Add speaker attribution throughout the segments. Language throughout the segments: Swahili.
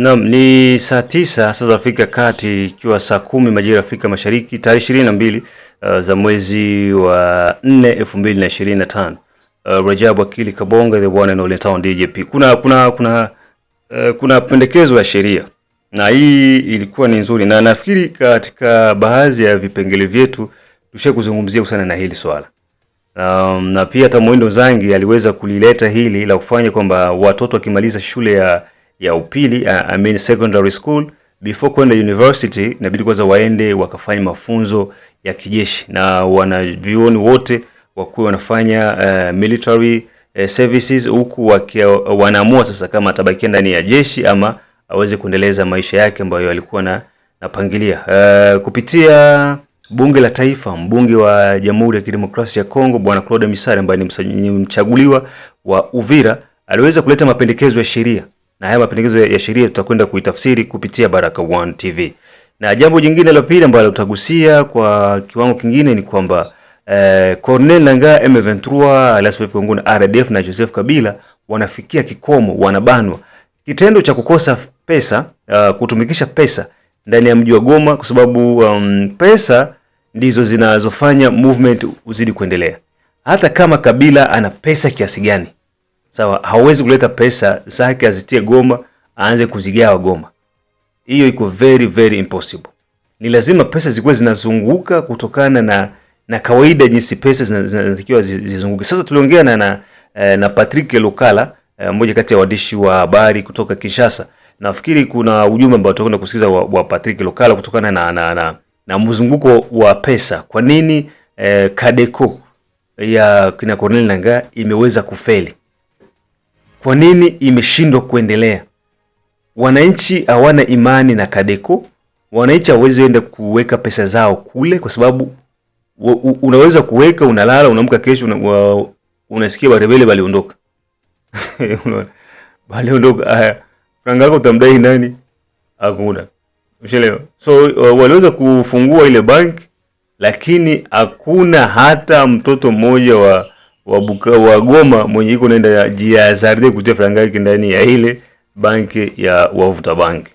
Speaker 1: Naam, ni saa tisa saa za Afrika Kati, ikiwa saa kumi majira ya Afrika Mashariki, tarehe ishirini na mbili uh, za mwezi wa nne elfu mbili na ishirini na tano. Uh, Rajabu Akili Kabonga the one and only town DJP. Kuna kuna kuna uh, kuna pendekezo ya sheria na hii ilikuwa ni nzuri, na nafikiri katika baadhi ya vipengele vyetu tushe kuzungumzia sana na hili swala um, na pia hata Mwindo Zangi aliweza kulileta hili la kufanya kwamba watoto wakimaliza shule ya ya upili uh, I mean secondary school before kwenda university, inabidi kwanza waende wakafanya mafunzo ya kijeshi, na wanavyuoni wote wakuwe wanafanya uh, military uh, services, huku wanaamua sasa kama atabakia ndani ya jeshi ama aweze kuendeleza maisha yake ambayo alikuwa na napangilia. Uh, kupitia Bunge la Taifa, mbunge wa Jamhuri ya Kidemokrasia ya Kongo Bwana Claude Misari ambaye ni mchaguliwa wa Uvira aliweza kuleta mapendekezo ya sheria na haya mapendekezo ya sheria tutakwenda kuitafsiri kupitia Baraka One TV. Na jambo jingine la pili ambalo tutagusia kwa kiwango kingine ni kwamba eh, Corneille Nangaa, M23, Alasfef Kongo na RDF na Joseph Kabila wanafikia kikomo, wanabanwa. Kitendo cha kukosa pesa uh, kutumikisha pesa ndani ya mji wa Goma kwa sababu um, pesa ndizo zinazofanya movement uzidi kuendelea. Hata kama Kabila ana pesa kiasi gani sawa. Hauwezi kuleta pesa zake azitie Goma aanze kuzigawa Goma, hiyo iko very very impossible. Ni lazima pesa zikuwe zinazunguka kutokana na na kawaida jinsi pesa zinatakiwa zizunguke. Sasa tuliongea na, na, eh, na Patrick Lokala eh, mmoja kati ya waandishi wa habari kutoka Kinshasa. Nafikiri kuna ujumbe ambao tutakwenda kusikiza wa, wa Patrick Lokala kutokana na, na, na, na mzunguko wa pesa. Kwa nini eh, Kadeko ya kina Corneille Nangaa imeweza kufeli? Kwa nini imeshindwa kuendelea? Wananchi hawana imani na Kadeko, wananchi hawezi enda kuweka pesa zao kule, kwa sababu unaweza kuweka, unalala, unaamka kesho una, unasikia barebele waliondoka baliondoka. Haya, franga yako utamdai nani? Hakuna, umeelewa? So waliweza kufungua ile bank, lakini hakuna hata mtoto mmoja wa wa Bukavu wa Goma mwenye iko naenda ya jiazarde kutia franga yake ndani ya ile banki ya Wavuta banki.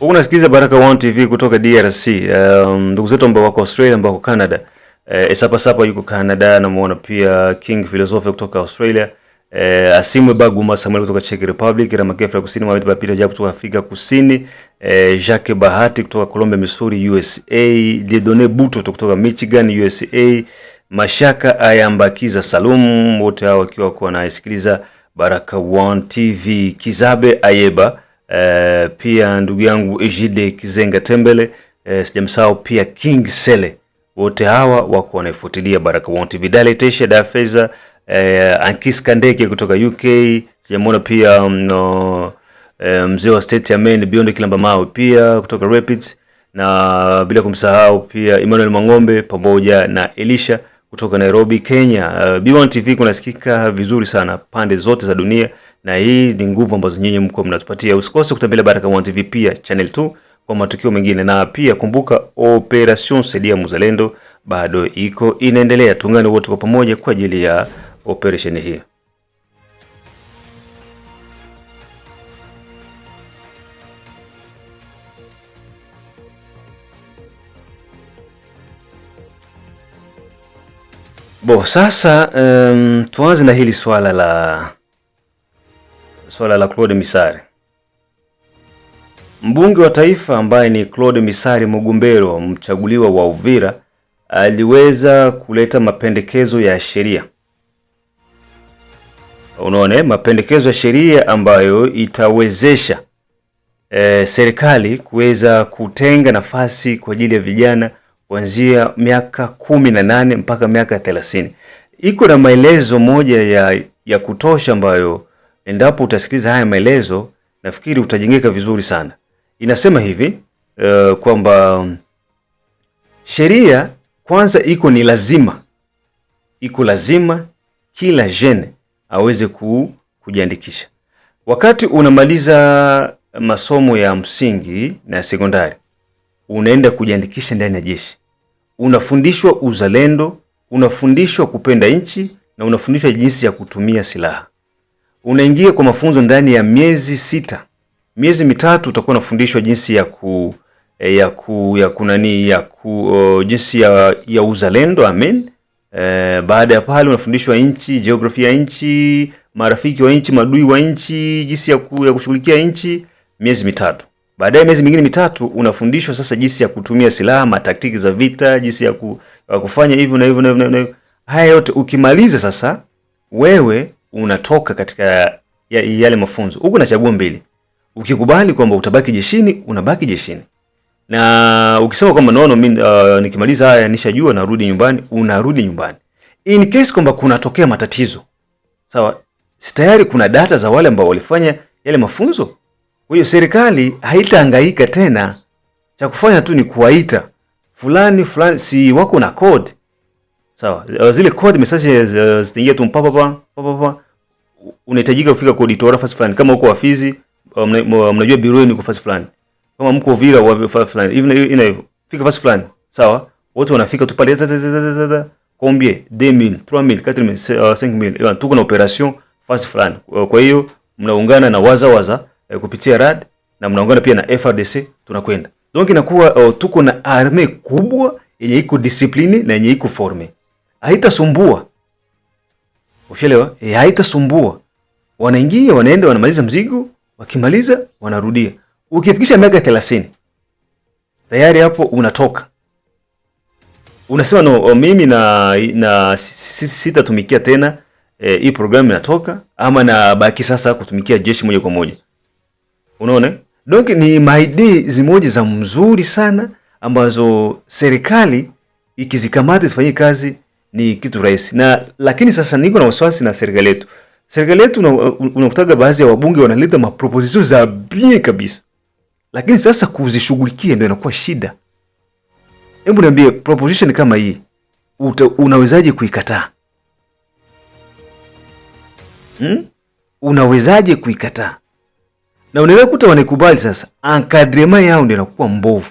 Speaker 1: Unasikiliza Baraka One TV kutoka DRC. Um, ndugu um, zetu ambao wako Australia ambao wako Canada. E, Esapa Sapa yuko Canada na muona pia King Philosopher kutoka Australia. E, Asimwe Baguma Samuel kutoka Czech Republic, Ramakefra Kusini, Mawete Papito Jabu kutoka Afrika Kusini eh, Jacques Bahati kutoka Colombia, Missouri, USA, Dieudonne Buto kutoka Michigan, USA, Mashaka Ayambakiza Salum, wote hao wakiwa kwa naisikiliza Baraka One TV, Kizabe Ayeba, eh, pia ndugu yangu Ejide Kizenga Tembele, eh, sijamsahau pia King Sele, wote hawa wako wanaifuatilia Baraka One TV. Daletesha Dafeza, eh, Ankis Kandeke kutoka UK, sijamwona pia um, no, Eh, mzee wa state ya Maine Beyond Kilamba Mawe pia kutoka Rapids, na bila kumsahau pia Emmanuel Mang'ombe pamoja na Elisha kutoka Nairobi, Kenya. Uh, eh, B1 TV kunasikika vizuri sana pande zote za dunia, na hii ni nguvu ambazo nyinyi mko mnatupatia. Usikose kutembelea Baraka 1 TV pia channel 2 kwa matukio mengine, na pia kumbuka Operation Saidia Muzalendo bado iko inaendelea. Tuungane wote kwa pamoja kwa ajili ya operation hii. Bo, sasa um, tuanze na hili swala la swala la Claude Misari, mbunge wa taifa ambaye ni Claude Misari Mugumbero, mchaguliwa wa Uvira, aliweza kuleta mapendekezo ya sheria. Unaone, eh? mapendekezo ya sheria ambayo itawezesha e, serikali kuweza kutenga nafasi kwa ajili ya vijana kuanzia miaka kumi na nane mpaka miaka thelathini. Iko na maelezo moja ya, ya kutosha ambayo endapo utasikiliza haya maelezo nafikiri utajengeka vizuri sana. Inasema hivi uh, kwamba sheria kwanza iko ni lazima, iko lazima kila jene aweze ku, kujiandikisha wakati unamaliza masomo ya msingi na sekondari, unaenda kujiandikisha ndani ya jeshi unafundishwa uzalendo, unafundishwa kupenda nchi na unafundishwa jinsi ya kutumia silaha. Unaingia kwa mafunzo ndani ya miezi sita, miezi mitatu utakuwa unafundishwa jinsi ya ku eh, ya ku ya kunani ya ku uh, jinsi ya, ya uzalendo amen. Uh, baada ya pale unafundishwa nchi, jiografia ya nchi, marafiki wa nchi, madui wa nchi, jinsi ya, ku, ya kushughulikia nchi, miezi mitatu. Baadaye miezi mingine mitatu unafundishwa sasa jinsi ya kutumia silaha, mataktiki za vita, jinsi ya, ku, kufanya hivyo na hivyo na hivyo haya yote. Ukimaliza sasa, wewe unatoka katika ya, yale mafunzo, Huko na chaguo mbili. Ukikubali kwamba utabaki jeshini, unabaki jeshini, na ukisema kwamba nono mimi uh, nikimaliza haya nishajua, narudi nyumbani, unarudi nyumbani. In case kwamba kunatokea matatizo sawa, si tayari kuna data za wale ambao walifanya yale mafunzo kwa hiyo serikali haitahangaika tena, cha kufanya tu ni kuwaita fulani fulani, si wako na code sawa. So, eh, Zile code messages eh, zitaingia tu mpapa pa pa, unahitajika kufika code toa nafasi fulani, kama uko eh, wafizi mnajua biroeni uko nafasi fulani, kama mko Uvira wa fulani even ina fika nafasi fulani sawa, So, wote wanafika tu pale kombie 2000 3000 4000 5000, tuko na operation fasi fulani. Kwa hiyo mnaungana na waza waza eh, kupitia RAD na mnaungana pia na FRDC tunakwenda. Donc inakuwa oh, tuko na arme kubwa yenye iko discipline na yenye iko forme. Haitasumbua. Ufielewa? E, eh, haitasumbua. Wanaingia, wanaenda, wanamaliza mzigo, wakimaliza wanarudia. Ukifikisha miaka 30 tayari hapo unatoka. Unasema no, o, oh, mimi na, na sitatumikia tena eh, hii e, programu inatoka ama na baki sasa kutumikia jeshi moja kwa moja. Unaona? Donc ni maidei zimoja za mzuri sana ambazo serikali ikizikamata zifanye kazi ni kitu rahisi. Na lakini sasa niko na wasiwasi na serikali yetu. Serikali yetu unakutaga una baadhi ya wabunge wanaleta maproposition za bien kabisa. Lakini sasa kuzishughulikia ndio inakuwa shida. Hebu niambie proposition kama hii unawezaje kuikataa? Hmm? Unawezaje kuikataa? na unaweza kuta wanikubali sasa, ankadrema yao ndio inakuwa mbovu,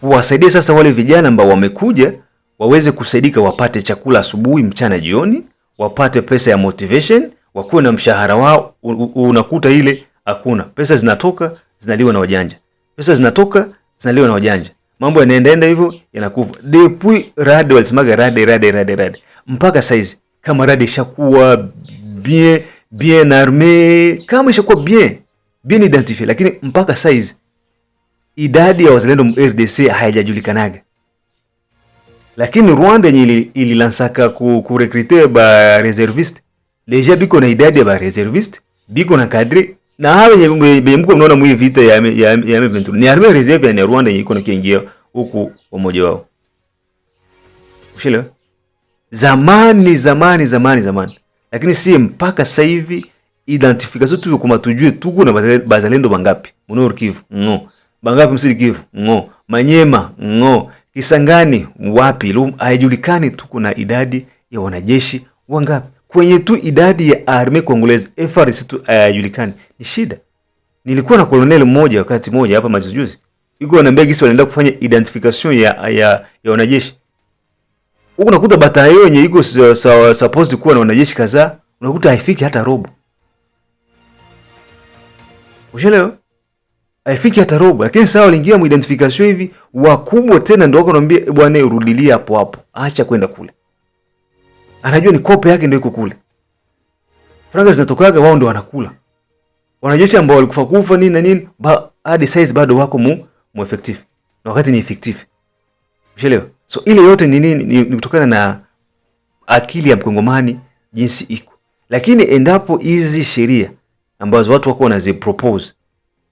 Speaker 1: kuwasaidia sasa wale vijana ambao wamekuja waweze kusaidika, wapate chakula asubuhi, mchana, jioni, wapate pesa ya motivation, wakuwe na mshahara wao. Unakuta ile hakuna pesa, zinatoka zinaliwa na wajanja, pesa zinatoka zinaliwa na wajanja, mambo yanaendaenda hivyo, yanakuva depui rade walisemaga rade, rade, rade, rade mpaka saizi kama rade ishakuwa bien bien arme kama ishakuwa bien bien identifié, lakini mpaka size idadi ya wazalendo mu RDC haijajulikanaga, lakini Rwanda yenye ililansaka ku, ku recruiter ba reservist deja biko na idadi ya ba reservist biko na kadri na hawa yenye mko mnaona mwi vita ya ya, ya M23 ni army reserve ya Rwanda yenye iko na kiingia huku wamoja wao ushile zamani zamani zamani zamani, lakini si mpaka sasa hivi identification tu kwa tujue tuko na bazalendo bangapi Munor Kivu ngo bangapi Msiri Kivu ngo Manyema ngo Kisangani wapi lu haijulikani, tuko na idadi ya wanajeshi wangapi kwenye tu idadi ya arme Kongolezi FARDC tu haijulikani, ni shida. Nilikuwa na colonel mmoja wakati mmoja hapa majuzi juzi, yuko anambia gisi wanaenda kufanya identification ya ya, ya wanajeshi huko, nakuta batayo yenye iko supposed kuwa na wanajeshi kadhaa, unakuta haifiki hata robo. Ushaelewa? Haifiki hata robo, lakini sasa waliingia mu identification hivi wakubwa tena, ndio wako naambia eh, bwana, urudilia eh, hapo hapo, acha kwenda kule. Anajua ni kope yake ndio iko kule, franga zinatokaga, wao ndio wanakula. Wanajeshi ambao walikufa kufa nini na nini, ba, hadi size bado wako mu, mu effective na wakati ni effective, ushaelewa? So ile yote ni nini? Ni, ni kutokana na akili ya mkongomani jinsi iko, lakini endapo hizi sheria ambazo watu wako wanazipropose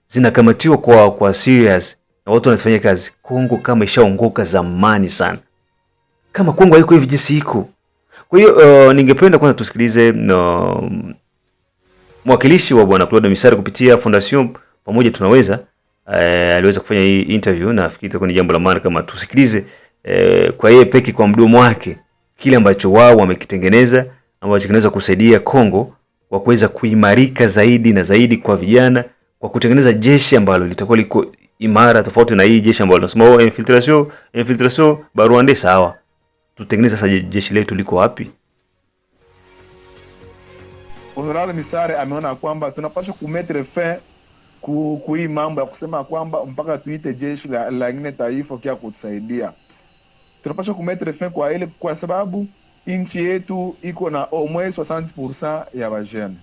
Speaker 1: zinakamatiwa kwa, kwa serious na watu wanazifanyia kazi. Kongo kama ishaongoka zamani sana, kama Kongo haiko hivi jinsi iko. Kwa hiyo uh, ningependa kwanza tusikilize no, um, mwakilishi wa bwana Claude Misari kupitia Fondation Pamoja Tunaweza. Uh, aliweza kufanya hii interview na nafikiri itakuwa ni jambo la maana kama tusikilize uh, kwa yeye peke kwa mdomo wake kile ambacho wao wamekitengeneza ambacho kinaweza kusaidia Kongo wa kuweza kuimarika zaidi na zaidi kwa vijana kwa kutengeneza jeshi ambalo litakuwa liko imara tofauti na hii jeshi ambalo tunasema oh, infiltration infiltration baruande sawa. Tutengeneze sasa jeshi letu liko wapi? Honorable Misare ameona kwamba tunapaswa kumetre fin ku hii mambo ya kusema kwamba mpaka tuite jeshi la, la ngine taifa kia kutusaidia. Tunapaswa kumetre fin kwa ile kwa sababu Nchi yetu iko na omwe 60% ya bajene.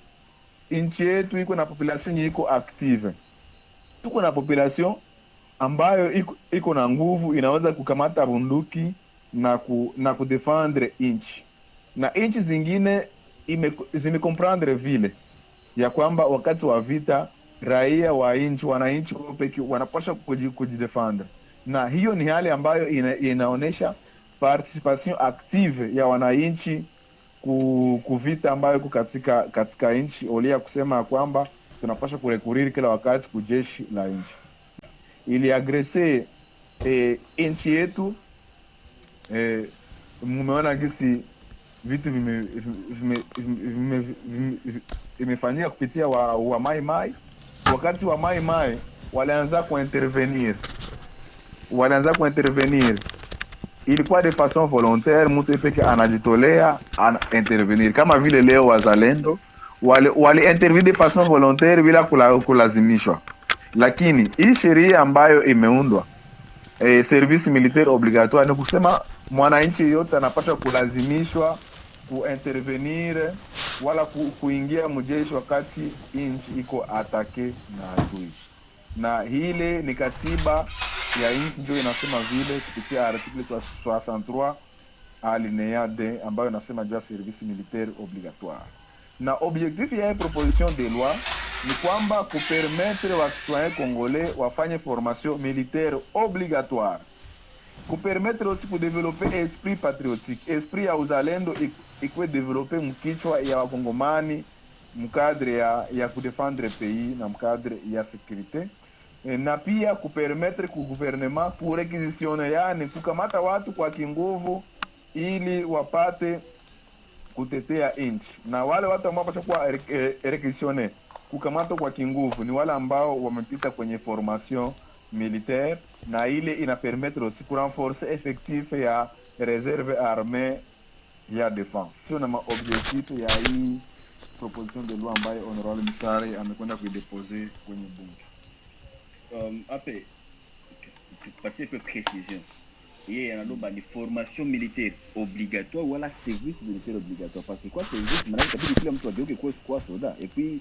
Speaker 1: Nchi yetu iko na population iko active, tuko na population ambayo iko, iko na nguvu, inaweza kukamata bunduki na, ku, na kudefendre nchi na nchi zingine zimekomprendre vile ya kwamba wakati wa vita raia wa nchi wananchi pekee wanapasha kujidefendre, na hiyo ni hali ambayo ina, inaonyesha participation active ya wananchi kuvita ambayo iko katika, katika nchi olia kusema kwamba tunapasha kurekuriri kila wakati kujeshi la nchi iliagrese e, eh, nchi yetu e, eh, mumeona gisi vitu vimefanyika kupitia wa, wa mai mai. Wakati wa mai mai walianza kuintervenir, walianza kuintervenir ilikuwa de façon volontaire, mtu peke anajitolea ana intervenir kama vile leo wazalendo wali, wali intervenir de façon volontaire bila kula, kulazimishwa. Lakini hii sheria ambayo imeundwa e, service militaire obligatoire ni kusema mwananchi yote anapata kulazimishwa kuintervenir wala ku, kuingia mjeshi wakati nchi iko atake na adui, na hile ni katiba ya nchi ndio inasema vile kupitia article 63 alinea d ambayo inasema juu ya service militaire obligatoire, na objectif ya proposition de loi ni kwamba kupermetre wacitoyen congolais wafanye formation militaire obligatoire, kupermetre osi kudevelope esprit patriotique, esprit ya uzalendo ikuwe e, develope mkichwa ya wakongomani mkadre ya, ya kudefendre pays na mkadre ya sekurite E, na pia kupermettre ku gouvernement kurequisitionner, yani kukamata watu kwa kinguvu ili wapate kutetea nchi, na wale watu ambao washakuwa requisitionner e, kukamata kwa kinguvu ni wale ambao wamepita kwenye formation militaire, na ile ina permettre aussi ku renforcer effectif ya reserve armee ya defense. Sio na maobjectif ya hii proposition de loi ambayo honorable Misari amekwenda kuidepose kwenye bunge. um, euh, après, tu peu précision. Il y a une bah, formation militaire obligatoire ou la service militaire obligatoire. Parce que quoi, service, militaire tu as dit que tu quoi, soldat. Et puis,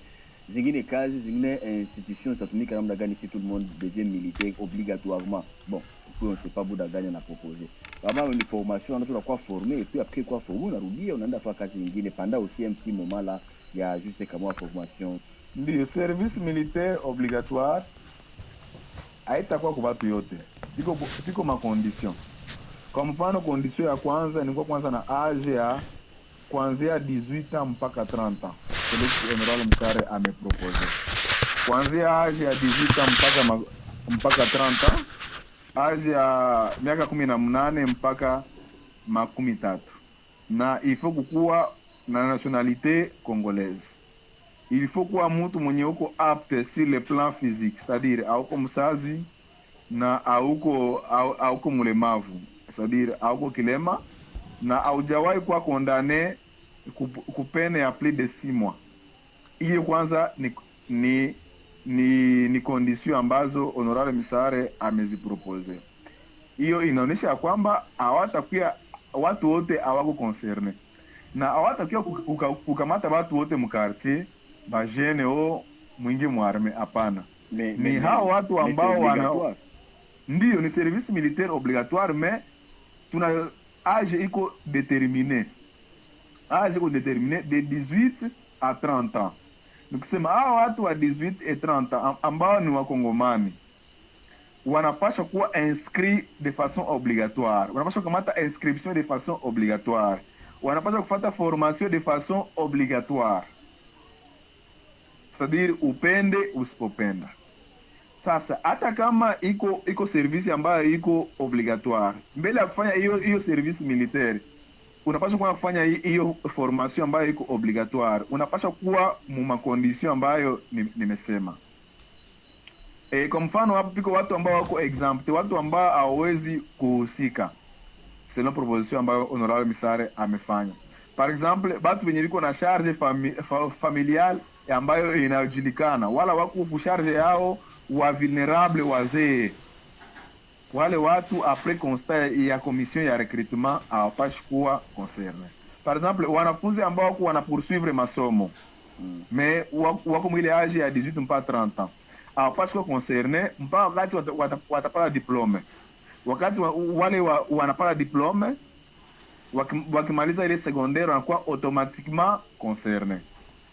Speaker 1: zingine kazi des institutions, zitatumika namna gani si tout le monde devient militaire obligatoirement bon puis on sait pas buda à proposer. Vraiment, une formation anatoka quoi former et puis après quoi former On On a kwa kazi nyingine Pendant aussi un petit moment là il a juste de formation Le service militaire obligatoire haitakuwa kwa watu yote, iko iko makondision. Kwa mfano kondision ya kwanza ni kwa kwanza na age ya kuanzia 18 mpaka 30 General Mkare amepropose kuanzia age ya 18 mpaka mpaka 30, age ya miaka kumi na mnane mpaka makumi tatu na ifo kukuwa na nationalite congolaise ilifokuwa mtu mwenye uko apte sur le plan physique sadire auko msazi na auko au, auko mlemavu sadire auko kilema na aujawahi kuwa kondane kupene ya plus de six mois. Hiyo kwanza ni ni ni, ni condition ambazo honorable Misare amezipropose. Hiyo inaonyesha ya kwamba hawatakuwa watu wote hawako concerne na hawatakuwa kukamata watu wote mkartier ba GNO oh, mwingi mwarme, hapana. Ni hao watu ambao wana ndio ni service militaire obligatoire, me tuna age iko determine, age iko determine de 18 a 30 ans. Nikisema hao watu wa 18 et 30 ambao ni wakongomani wanapasha kuwa inscrit de façon obligatoire, wanapasha kukamata inscription de façon obligatoire, wanapasha kufata formation de façon obligatoire sadiri upende usipopenda. Sasa hata kama iko iko service ambayo iko obligatoire, mbele ya kufanya hiyo hiyo service militaire unapaswa kwa kufanya hiyo formation ambayo iko obligatoire, unapaswa kuwa mu makondisio ambayo nimesema. E, kwa mfano hapo piko watu ambao wako exempt, watu ambao hawawezi kuhusika selon proposition ambayo honorable Misare amefanya. Par exemple, batu wenye viko na charge fami, fa, familiale ambayo inayojulikana, wala waku kusharge yao wa vulnerable wazee wale watu apres constat ya commission ya recrutement hawapashi kuwa concerne. Par exemple wanafunzi ambao wako poursuivre masomo mm. me wako mwile age ya 18 mpaka 30 ans hawapashi kuwa concerne mpaka wakati watapata diplome. Wakati wale wa, wanapata diplome wakimaliza ile secondaire wanakuwa automatiquement concerne.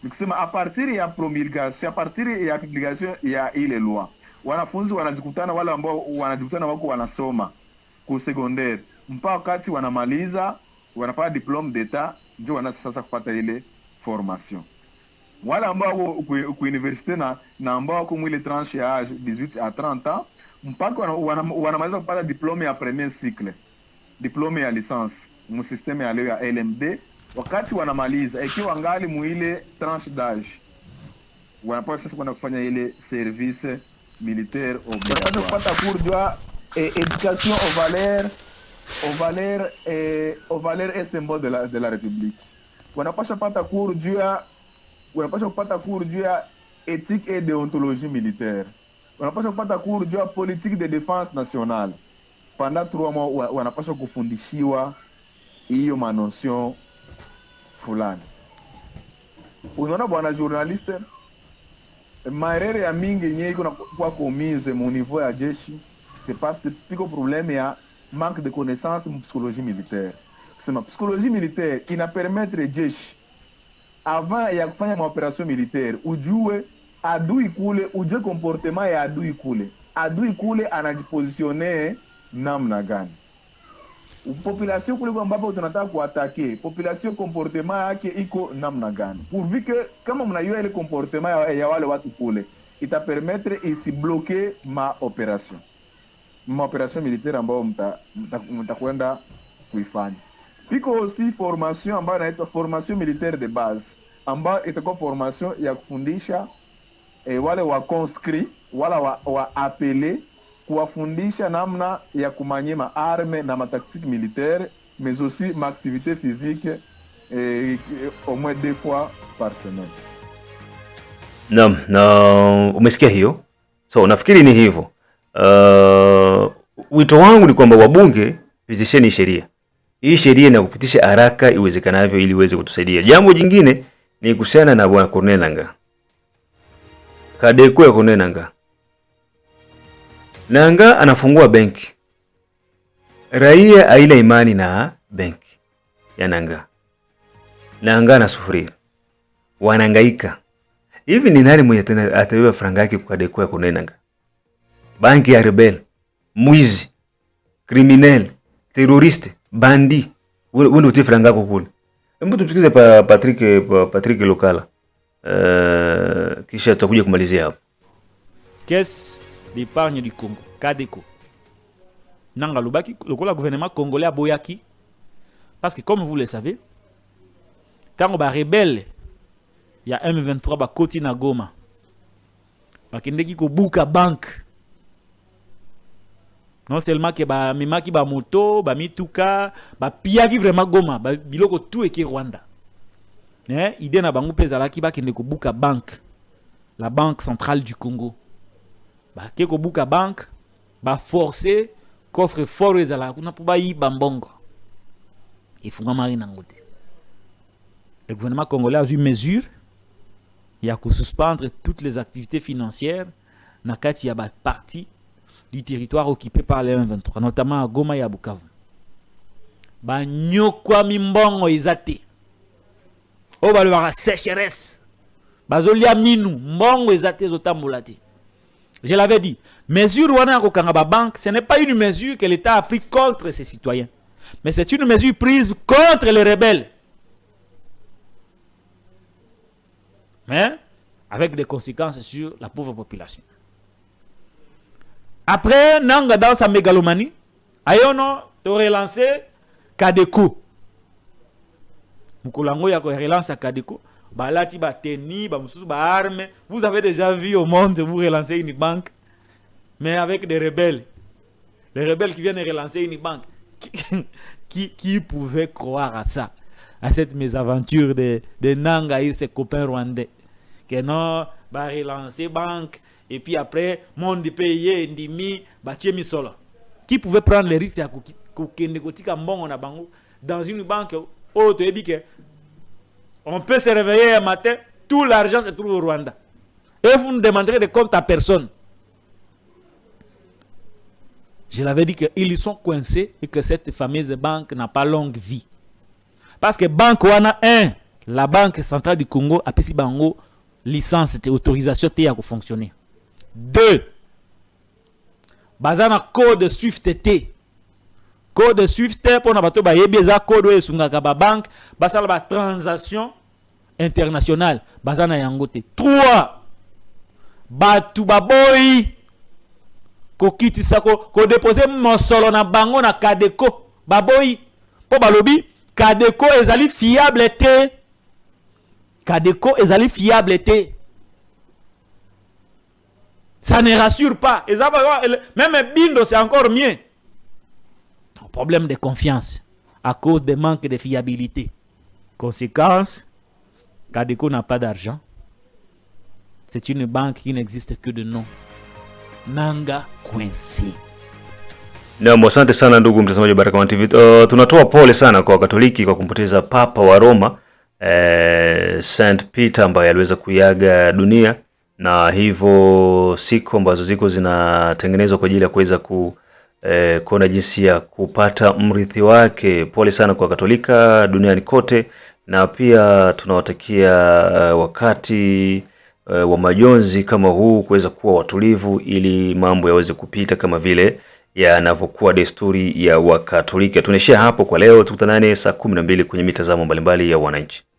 Speaker 1: nikisema a partir ya promulgation, a partir ya publication ya ile lois. wanafunzi wanajikutana, wale ambao wanajikutana wako wanasoma ku secondaire mpaka wakati wanamaliza wanapata diplome d'etat, ndio wanaanza sasa kupata ile formation. Wale ambao ku universite na, na ambao wako mwile tranche ya 18 a 30 ans mpaka wanamaliza kupata diplome ya premier cycle, diplome ya licence mu système ya leo ya LMD wakati wanamaliza, ikiwa ngali muile tranche d'age, wanapaswa sasa kwenda kufanya ile service militaire obligatoire, kupata kurdwa education aux valeurs aux valeurs et aux valeurs eh, et de la de la république. Wanapaswa pata cours juu wanapaswa kupata cours juu éthique et déontologie militaire. Wanapaswa kupata cours juu politique de défense nationale. Pendant 3 mois wanapaswa kufundishiwa hiyo manotion fulani. Unaona bwana journaliste, maerere ya mingi yenye iko nakuwa komise mu niveau ya jeshi c'est parce problème est ya manque de connaissance la psychologie militaire. C'est ma psychologie militaire ina permettre jeshi avant ya kufanya opération militaire ujue adui kule, ujue comportement ya adui kule, adui kule anajipositionee namna gani population kule ambapo tunataka kuatake population, comportement yake iko namna gani? Pourvu que kama mnajua ile comportement ya, ya wale watu kule itapermettre isibloke maoperation maoperation militaire ambayo mtakwenda kuifanya. Iko aussi formation ambayo inaitwa formation militaire de base ambayo itakuwa formation ya kufundisha eh, wale wa conscrit wala wa, wa apele kuwafundisha namna ya kumanyema arme na mataktiki militaire mais aussi ma activité physique eh, au moins deux fois par semaine. Naam, na umesikia hiyo, so nafikiri ni hivyo. Uh, wito wangu ni kwamba wabunge pizisheni sheria hii, sheria na kupitisha haraka iwezekanavyo ili iweze kutusaidia. Jambo jingine ni kuhusiana na bwana Corneille Nangaa, ya Corneille Nangaa Nanga anafungua benki, raia aina imani na benki ya Nanga. Nanga anasufuria, wanangaika hivi, ni nani mwenye tena atabeba franga yake kwa Nanga? banki ya rebel, mwizi, kriminel, teroriste, bandi, wewe ndio franga yako kule. Hebu tusikize pa Patrick pa Patrick Lokala. Uh, kisha tutakuja kumalizia hapo. Yes. l'épargne du Congo, Kadeko. le lobaki le gouvernement congolais boyaki. parce que comme vous le savez quand on ba rebelle il y a M23 ba koti na Goma a une banque non seulement ke bamemaki bamoto bamituka bapiyaki vraiment goma ba, biloko est eke rwanda ne ide na est mpe ezalaki bakende kobuka banque la banque centrale du congo buka bank ba forcer coffre fort ezala ezalaka kuna Il faut mbongo efungamaki nango dans le gouvernement congolais a eu mesure a suspendre toutes les activités financières na kati ya du territoire occupé par les M23 notamment à goma et à bukavu banyokwami mbongo eza te oyo balobaka sécheresse bazolia minu mbongo eza te ezotambola je l'avais dit. Mesure Rwanda Kangaba banque, ce n'est pas une mesure que l'État a prise contre ses citoyens. Mais c'est une mesure prise contre les rebelles. Mais hein? avec des conséquences sur la pauvre population. Après, Nanga dans sa mégalomanie, Ayono aurais lancé Kadeko. Mukulango Yako relance à Kadeko balati bateni ba arme vous avez déjà vu au monde vous relancer une banque mais avec des rebelles les rebelles qui viennent relancer une banque qui, qui pouvait croire à ça à cette mésaventure de, de Nanga et ses copains rwandais que non bah relancer banque et puis après monde payé ndimi mi misolo qui pouvait prendre les risques à kokende mbongo na bango dans une banque haute oh, et on peut se réveiller un matin, tout l'argent se trouve au Rwanda. Et vous ne demanderez de compte à personne. Je l'avais dit qu'ils sont coincés et que cette fameuse banque n'a pas longue vie. Parce que banque wana 1, la banque centrale du Congo a bango licence et autorisation à à fonctionner. 2. Bazana code SWIFT T code swift pour bato ba eza code oyo esungaka bah, banque. basala bah, transaction internationale baza na yango te bah, ko kitisako ko, kokitisa mon mosolo na bango na kadeko baboyi po balobi kadeko ezali fiable eh, te kadeko ezali fiable eh, te ça ne rassure pas ezaba même bindo c'est encore mieux Problème de confiance à cause des manques de fiabilité. Conséquence, Kadeko n'a pas d'argent. C'est une banque qui n'existe que de nom. Nanga Quincy. Naam, asante sana ndugu mtazamaji wa Baraka1 TV. Uh, tunatoa pole sana kwa Katoliki kwa kumpoteza Papa wa Roma eh, Saint Peter ambaye aliweza kuiaga dunia, na hivyo siku ambazo ziko zinatengenezwa kwa ajili ya kuweza ku e, kuona jinsi ya kupata mrithi wake. Pole sana kwa Katolika duniani kote, na pia tunawatakia eh, wakati e, wa majonzi kama huu kuweza kuwa watulivu, ili mambo yaweze kupita kama vile yanavyokuwa desturi ya Wakatolika. Tunaishia hapo kwa leo, tukutanane saa kumi na mbili kwenye mitazamo mbalimbali ya Wananchi.